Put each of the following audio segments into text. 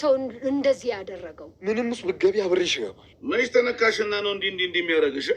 ሰው እንደዚህ ያደረገው ምንም ውስጥ ብትገቢ አብሬሽ ይገባል። መች ተነካሽና ነው እንዲህ እንዲህ እንዲህ የሚያደርግሽ?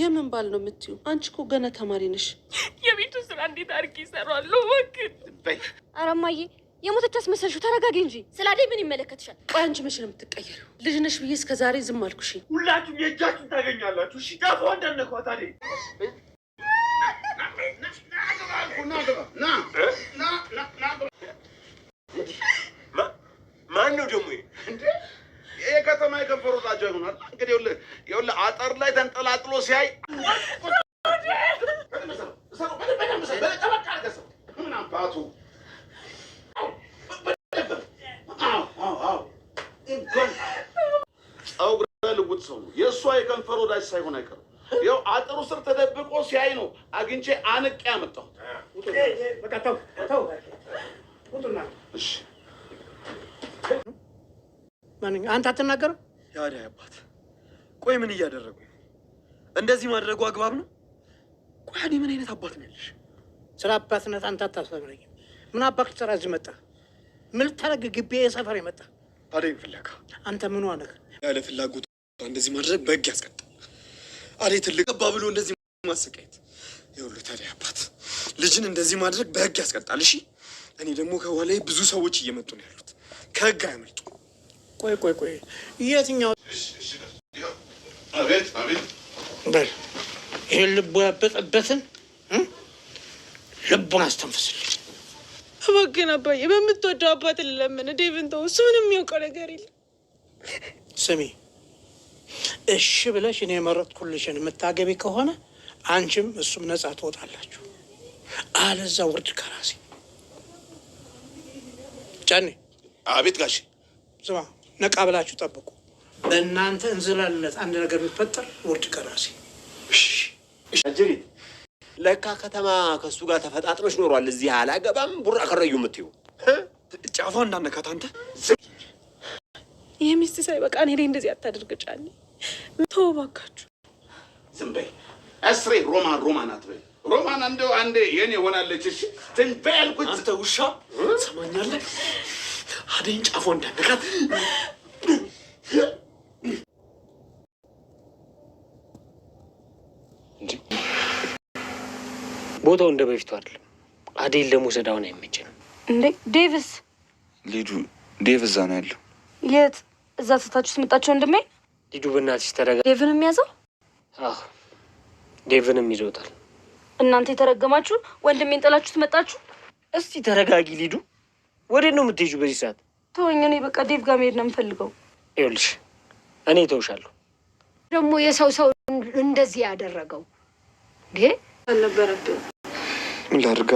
የምን ባል ነው የምትዩ? አንቺ እኮ ገና ተማሪ ነሽ። የቤቱ ስራ እንዴት አድርጌ ይሰራለሁ? ወግድ ኧረ የሞተች ተረጋጊ እንጂ ስላደይ ምን ይመለከትሻል? ቆይ አንቺ መቼ ነው የምትቀየሪው? ልጅ ነሽ ብዬ እስከ ዛሬ ዝም አልኩሽ። ሁላችሁም የእጃችሁን ታገኛላችሁ። ሺ ዳፎ እንዳነኳታዴ ተነቅሎ ሲያይ ፀጉረ ልውጥ ሰው የእሷ የከንፈር ወዳጅ ሳይሆን አይቀርም። ይኸው አጥሩ ስር ተደብቆ ሲያይ ነው አግኝቼ አንቄ ያመጣሁት። አንተ አትናገርም? ያዳ አባት ቆይ ምን እያደረጉ እንደዚህ ማድረጉ አግባብ ነው? ቆይ ምን አይነት አባት ነው ያለሽ? ስለ አባትነት አንተ አታስፈግረኝ። ምን አባክ ትሰራ እዚህ መጣ? ምን ልታደርግ ግቢ የሰፈር የመጣ አደይ ፍለጋ አንተ ምን ዋነህ? ያለ ፍላጎት እንደዚህ ማድረግ በህግ ያስቀጣል። አደይ ትልቅ አባ ብሎ እንደዚህ ማሰቃየት የሁሉ ታዲያ አባት ልጅን እንደዚህ ማድረግ በህግ ያስቀጣል። እሺ እኔ ደግሞ ከኋላ ብዙ ሰዎች እየመጡ ነው ያሉት፣ ከህግ አያመልጡ። ቆይ ቆይ ቆይ የትኛው? አቤት አቤት በል ይህን ልቡ ያበጠበትን ልቡን አስተንፍስልኝ። እባክህን አባዬ፣ በምትወደው አባት ልለምን። ዴቭን ተው፣ እሱ ምንም የሚያውቀው ነገር የለም። ስሚ፣ እሺ ብለሽ እኔ የመረጥኩልሽን የምታገቢ ከሆነ አንቺም እሱም ነጻ ትወጣላችሁ። አለዛ ውርድ ከራሴ። ጨኔ አቤት ጋሽ። ስማ፣ ነቃ ብላችሁ ጠብቁ። በእናንተ እንዝላልነት አንድ ነገር የሚፈጠር ውድ ቀራሲ አጀሪት ለካ ከተማ ከሱ ጋር ተፈጣጥመች ኖሯል። እዚህ አላገባም ቡራ ከረዩ የምትዩ ጫፏ እንዳነካት አንተ ይህ ሚስት ሳይበቃ እኔ ላይ እንደዚህ አታደርግ ጫኔ ተው እባካችሁ፣ ዝም በይ አስሬ። ሮማን ሮማን አትበይ። ሮማን አንደ አንዴ የኔ ሆናለች። እሺ ትን በይ አልኩት። አንተ ውሻ ሰማኛለ አደኝ ጫፎ እንዳነካት ቦታው እንደ በፊቱ አይደለም። አዴል ለመውሰድ አሁን አይመችንም። እንዴ ዴቭስ ሊዱ ዴቭ እዛ ነው ያለው። የት? እዛ ስታችሁ ስምጣቸው ወንድሜ። ሊዱ በእናትሽ ተረጋ። ዴቭንም ያዘው። አዎ ዴቭንም ይዘውታል። እናንተ የተረገማችሁ ወንድሜን ጥላችሁ ትመጣችሁ። እስቲ ተረጋጊ ሊዱ። ወዴት ነው የምትሄጂው በዚህ ሰዓት? ተወኝ። እኔ በቃ ዴቭ ጋር መሄድ ነው የምፈልገው። ይኸውልሽ እኔ ተውሻለሁ። ደግሞ የሰው ሰው እንደዚህ ያደረገው አልነበረብን። ምን ላድርግ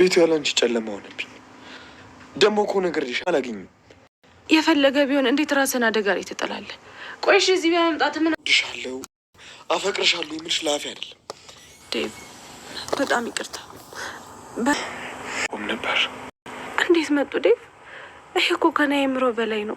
ቤቱ ያለ አንቺ ጨለማ ሆነብኝ። ደግሞ እኮ ነገር ልሽ አላገኝም። የፈለገ ቢሆን እንዴት ራስን አደጋ ላይ ትጥላለህ? ቆይሽ እዚህ በመምጣት ምን ድሻለው? አፈቅርሻለሁ የምልሽ ለአፌ አይደለም። ዴቭ በጣም ይቅርታ ቁም ነበር። እንዴት መጡ ዴቭ? ይህ እኮ ከና የምሮ በላይ ነው።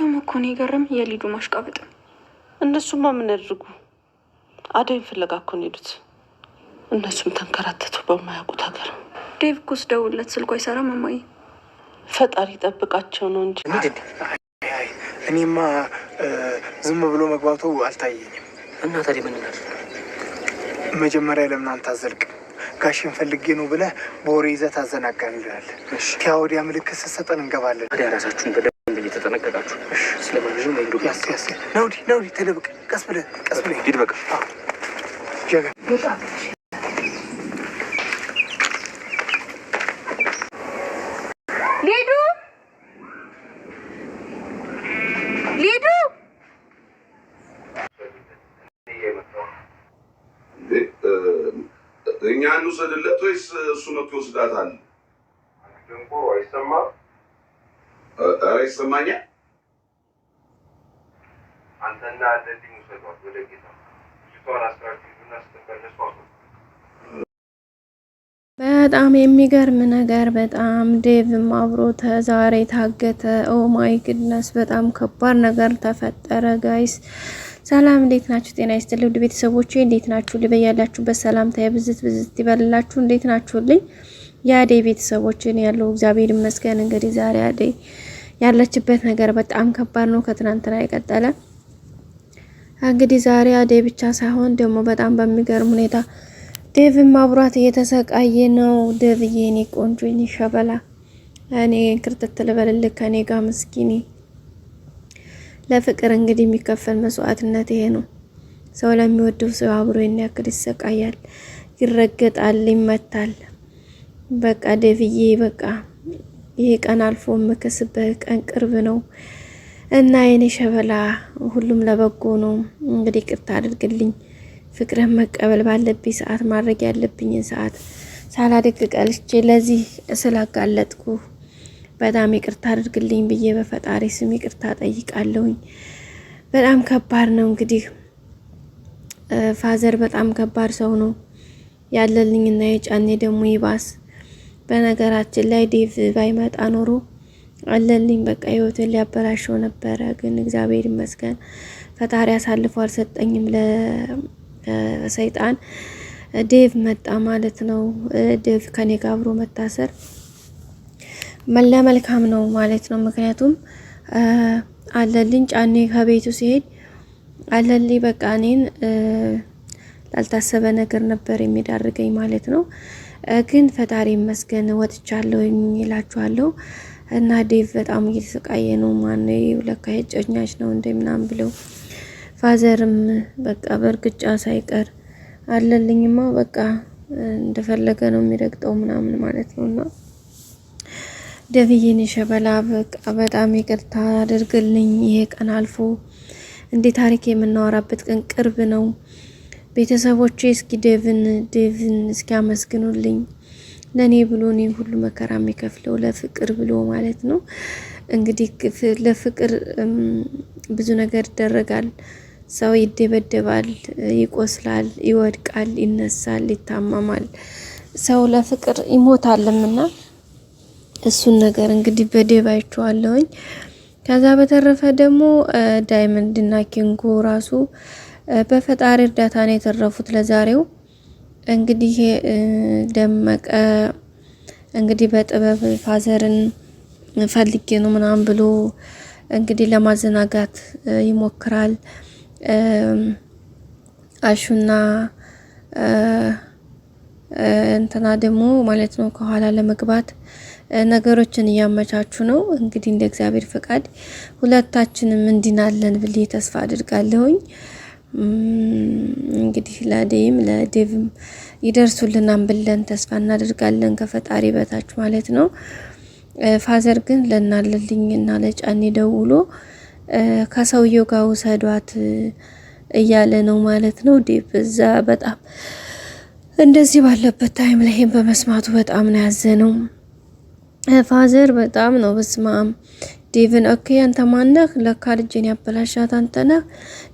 ደግሞ እኮ ነው የገረም የሊዱ ማሽቃበጥ። እነሱማ ምን ያድርጉ? አደይን ፍለጋ እኮ ነው የሄዱት። እነሱም ተንከራተቱ በማያውቁት ሀገር። ዴቭ እኮ ስደውልለት ስልኩ አይሰራም። እማዬ ፈጣሪ ጠብቃቸው ነው እንጂ እኔማ ዝም ብሎ መግባቱ አልታየኝም። እና ታዲያ ምን እናድርግ? መጀመሪያ ለምን አንተ አዘልቅ ጋሽን ፈልጌ ነው ብለህ በወሬ ይዘህ ታዘናጋን ይላል። ቲያ ምልክት ስትሰጠን እንገባለን። ራሳችሁን እየተጠነቀቃችሁ ስለማንዙ መንዱ ያስ ያስ ናውዲ ናውዲ ተደብቅ፣ ቀስ ብለህ ቀስ ብለህ ሂድ። በቃ ሊዱ ሊዱ እኛ እንውሰድለት ወይስ እሱ መቶ ይወስዳታል? ድምፁ አይሰማም። ኧረ ይሰማኛል። አንተና አለልኝ ውሰዷት ወደ ጌታ ልጅቷን አስራችሁ ና ስትመለሱ በጣም የሚገርም ነገር በጣም ዴቭም አብሮ ተዛሬ ታገተ። ኦ ማይ ግድነስ በጣም ከባድ ነገር ተፈጠረ ጋይስ። ሰላም እንዴት ናችሁ? ጤና ይስጥልኝ ውድ ቤተሰቦቼ እንዴት ናችሁ? ልበያላችሁበት ሰላምታ የብዝት ብዝት ይበልላችሁ። እንዴት ናችሁልኝ? የአዴ ቤተሰቦችን ያለው እግዚአብሔር ይመስገን። እንግዲህ ዛሬ አዴ ያለችበት ነገር በጣም ከባድ ነው። ከትናንትና የቀጠለ እንግዲህ ዛሬ አደይ ብቻ ሳይሆን ደግሞ በጣም በሚገርም ሁኔታ ዴቭ ማብራት እየተሰቃየ ነው። ዴቭዬ፣ የኔ ቆንጆ፣ የኔ ሸበላ፣ እኔ ክርትት በልልክ ከኔ ጋር ምስኪኒ ለፍቅር እንግዲህ የሚከፈል መስዋዕትነት ይሄ ነው። ሰው ለሚወደው ሰው አብሮ ያክል ይሰቃያል፣ ይረገጣል፣ ይመታል። በቃ ዴቭዬ በቃ ይሄ ቀን አልፎ መከስበት ቀን ቅርብ ነው እና የኔ ሸበላ ሁሉም ለበጎ ነው። እንግዲህ ቅርታ አድርግልኝ። ፍቅርህን መቀበል ባለብኝ ሰዓት ማድረግ ያለብኝን ሰዓት ሳላደግ ቀልቼ ለዚህ ስላጋለጥኩ በጣም ይቅርታ አድርግልኝ ብዬ በፈጣሪ ስም ይቅርታ ጠይቃለሁኝ። በጣም ከባድ ነው እንግዲህ ፋዘር በጣም ከባድ ሰው ነው ያለልኝና የጫኔ ደግሞ ይባስ በነገራችን ላይ ዴቭ ባይመጣ ኖሮ አለልኝ በቃ ህይወትን ሊያበላሸው ነበረ። ግን እግዚአብሔር ይመስገን ፈጣሪ አሳልፎ አልሰጠኝም ለሰይጣን። ዴቭ መጣ ማለት ነው። ዴቭ ከኔ ጋር አብሮ መታሰር ለመልካም ነው ማለት ነው። ምክንያቱም አለልኝ ጫኔ ከቤቱ ሲሄድ አለልኝ በቃ እኔን ላልታሰበ ነገር ነበር የሚዳርገኝ ማለት ነው። ግን ፈጣሪ ይመስገን ወጥቻለሁ ይላችኋለሁ። እና ዴቭ በጣም እየተሰቃየ ነው። ማን ለካ የጨኛች ነው እንደ ምናምን ብለው ፋዘርም በቃ በእርግጫ ሳይቀር አለልኝማ በቃ እንደፈለገ ነው የሚረግጠው ምናምን ማለት ነው እና ደብዬን ሸበላ በቃ በጣም ይቅርታ አድርግልኝ። ይሄ ቀን አልፎ እንዴ ታሪክ የምናወራበት ቀን ቅርብ ነው። ቤተሰቦች እስኪ ዴቭን ዴቭን እስኪ አመስግኑልኝ ለእኔ ብሎ እኔ ሁሉ መከራ የሚከፍለው ለፍቅር ብሎ ማለት ነው። እንግዲህ ለፍቅር ብዙ ነገር ይደረጋል። ሰው ይደበደባል፣ ይቆስላል፣ ይወድቃል፣ ይነሳል፣ ይታመማል። ሰው ለፍቅር ይሞታልምና እሱን ነገር እንግዲህ በዴቭ አይቼዋለሁኝ። ከዛ በተረፈ ደግሞ ዳይመንድና ኪንጎ ራሱ በፈጣሪ እርዳታ ነው የተረፉት። ለዛሬው እንግዲህ ደመቀ እንግዲህ በጥበብ ፋዘርን ፈልጌ ነው ምናምን ብሎ እንግዲህ ለማዘናጋት ይሞክራል። አሹና እንትና ደግሞ ማለት ነው ከኋላ ለመግባት ነገሮችን እያመቻቹ ነው። እንግዲህ እንደ እግዚአብሔር ፈቃድ ሁለታችንም እንድናለን ብዬ ተስፋ አድርጋለሁኝ። እንግዲህ ለአደይም ለዴቭም ይደርሱልን ብለን ተስፋ እናደርጋለን ከፈጣሪ በታች ማለት ነው። ፋዘር ግን ለናለልኝ እና ለጫኔ ደውሎ ከሰውየው ጋር ውሰዷት እያለ ነው ማለት ነው። ዴቭ እዛ በጣም እንደዚህ ባለበት ታይም ላይ ይሄን በመስማቱ በጣም ነው ያዘነው። ፋዘር በጣም ነው በስማም ዴቭን ኦኬ፣ አንተ ማነህ? ለካ ልጄን ያበላሻት አንተ ነህ።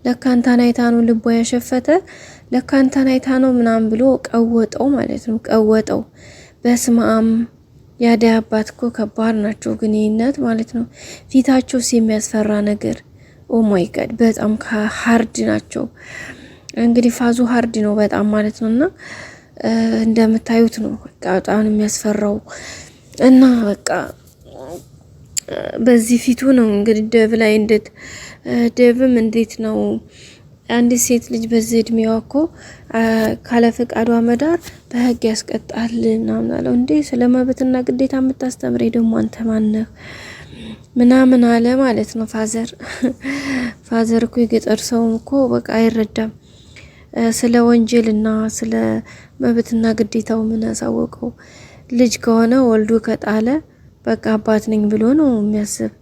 ለካ አንተን አይታ ነው ልቦ ያሸፈተ። ለካ አንተን አይታ ነው ምናምን ብሎ ቀወጠው ማለት ነው፣ ቀወጠው። በስማም ያደይ አባት እኮ ከባድ ናቸው፣ ግንኙነት ማለት ነው። ፊታቸው የሚያስፈራ ነገር ኦ ማይ ጋድ፣ በጣም ሀርድ ናቸው። እንግዲህ ፋዙ ሀርድ ነው በጣም ማለት ነው። እና እንደምታዩት ነው በጣም የሚያስፈራው እና በቃ በዚህ ፊቱ ነው እንግዲህ ደብ ላይ እንዴት ደብም እንዴት ነው አንዲት ሴት ልጅ በዚህ እድሜዋ እኮ ካለ ፈቃዷ መዳር በህግ ያስቀጣል ምናምን አለው። እንዴ ስለ መብትና ግዴታ የምታስተምሬ ደግሞ አንተ ማነህ? ምናምን አለ ማለት ነው ፋዘር። ፋዘር እኮ የገጠር ሰውም እኮ በቃ አይረዳም። ስለ ወንጀልና ስለ መብትና ግዴታው ምን ያሳወቀው? ልጅ ከሆነ ወልዶ ከጣለ በቃ አባት ነኝ ብሎ ነው የሚያስብ።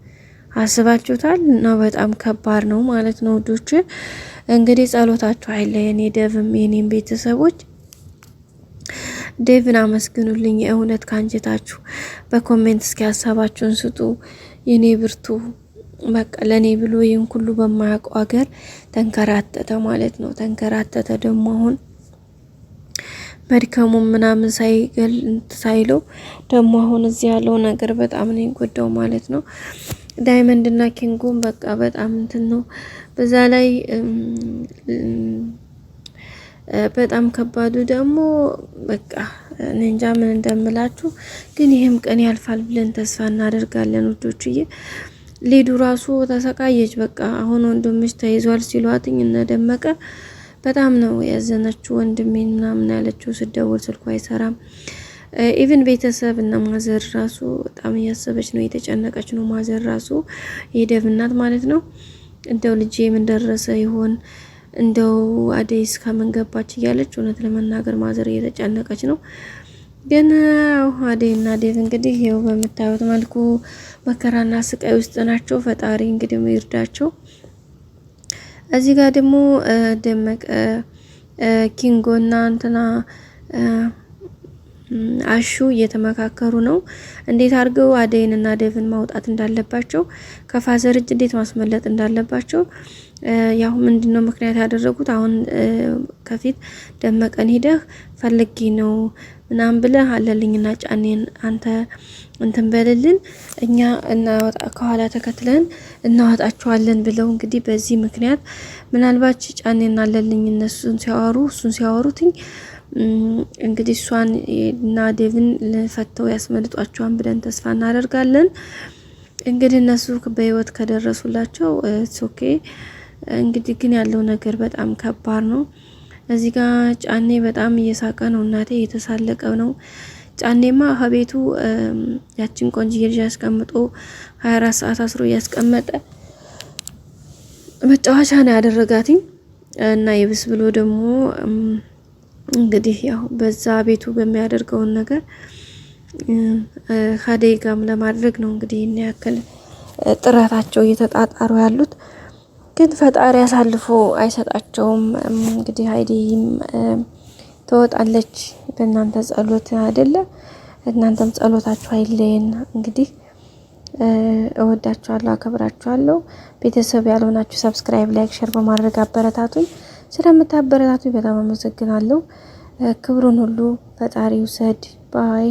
አስባችሁታል? እና በጣም ከባድ ነው ማለት ነው ውዶች። እንግዲህ ጸሎታችሁ የኔ ደብም የኔም ቤተሰቦች ዴቭን አመስግኑልኝ የእውነት ካንጀታችሁ። በኮሜንት እስኪ ሀሳባችሁን ስጡ። የኔ ብርቱ በቃ ለእኔ ብሎ ይህን ሁሉ በማያውቀው ሀገር ተንከራተተ ማለት ነው። ተንከራተተ ደግሞ አሁን መድከሙም ምናምን ሳይገል ሳይለው ደግሞ አሁን እዚህ ያለው ነገር በጣም ነው የጎዳው ማለት ነው። ዳይመንድ እና ኪንጉም በቃ በጣም እንትን ነው። በዛ ላይ በጣም ከባዱ ደግሞ በቃ እንጃ ምን እንደምላችሁ። ግን ይህም ቀን ያልፋል ብለን ተስፋ እናደርጋለን ውዶችዬ። ሊዱ ራሱ ተሰቃየች። በቃ አሁን ወንድምሽ ተይዟል ሲሏትኝ እነደመቀ በጣም ነው ያዘነችው ወንድሜን ምናምን ያለችው። ስደውል ስልኩ አይሰራም። ኢቭን ቤተሰብ እና ማዘር ራሱ በጣም እያሰበች ነው የተጨነቀች ነው። ማዘር ራሱ የደብ እናት ማለት ነው። እንደው ልጄ ምን ደረሰ ይሆን እንደው አደይ እስከምን ገባች እያለች እውነት ለመናገር ማዘር እየተጨነቀች ነው። ግን አደይ እና ዴቭ እንግዲህ ይኸው በምታዩት መልኩ መከራና ስቃይ ውስጥ ናቸው። ፈጣሪ እንግዲህ ይርዳቸው። እዚህ ጋር ደግሞ ደመቀ ኪንጎና እንትና አሹ እየተመካከሩ ነው። እንዴት አድርገው አደይንና ዴቭን ማውጣት እንዳለባቸው ከፋዘር እጅ እንዴት ማስመለጥ እንዳለባቸው ያው ምንድነው ምክንያት ያደረጉት። አሁን ከፊት ደመቀን ሂደህ ፈልጌ ነው ምናምን ብለህ አለልኝና ጫኔን አንተ እንትን በልልን እኛ እናወጣ ከኋላ ተከትለን እናወጣቸዋለን ብለው እንግዲህ በዚህ ምክንያት ምናልባት ጫኔን አለልኝ እነሱን ሲያወሩ እሱን ሲያወሩትኝ እንግዲህ እሷን እና ዴቭን ፈተው ያስመልጧቸዋን ብለን ተስፋ እናደርጋለን። እንግዲህ እነሱ በህይወት ከደረሱላቸው ሶኬ እንግዲህ ግን ያለው ነገር በጣም ከባድ ነው። እዚህ ጋ ጫኔ በጣም እየሳቀ ነው። እናቴ እየተሳለቀ ነው። ጫኔማ ከቤቱ ያችን ቆንጅዬ ልጅ ያስቀምጦ 24 ሰዓት አስሮ እያስቀመጠ መጫወቻ ነው ያደረጋትኝ እና የብስ ብሎ ደግሞ እንግዲህ ያው በዛ ቤቱ በሚያደርገውን ነገር ከአደይ ጋም ለማድረግ ነው እንግዲህ ያክል ጥረታቸው እየተጣጣሩ ያሉት። ግን ፈጣሪ አሳልፎ አይሰጣቸውም። እንግዲህ ሀይዲም ትወጣለች በእናንተ ጸሎት አይደለ? እናንተም ጸሎታችሁ አይለየን። እንግዲህ እወዳችኋለሁ፣ አከብራችኋለሁ። ቤተሰብ ያልሆናችሁ ሰብስክራይብ፣ ላይክ፣ ሸር በማድረግ አበረታቱኝ። ስለምታበረታቱኝ በጣም አመሰግናለሁ። ክብሩን ሁሉ ፈጣሪ ውሰድ ባይ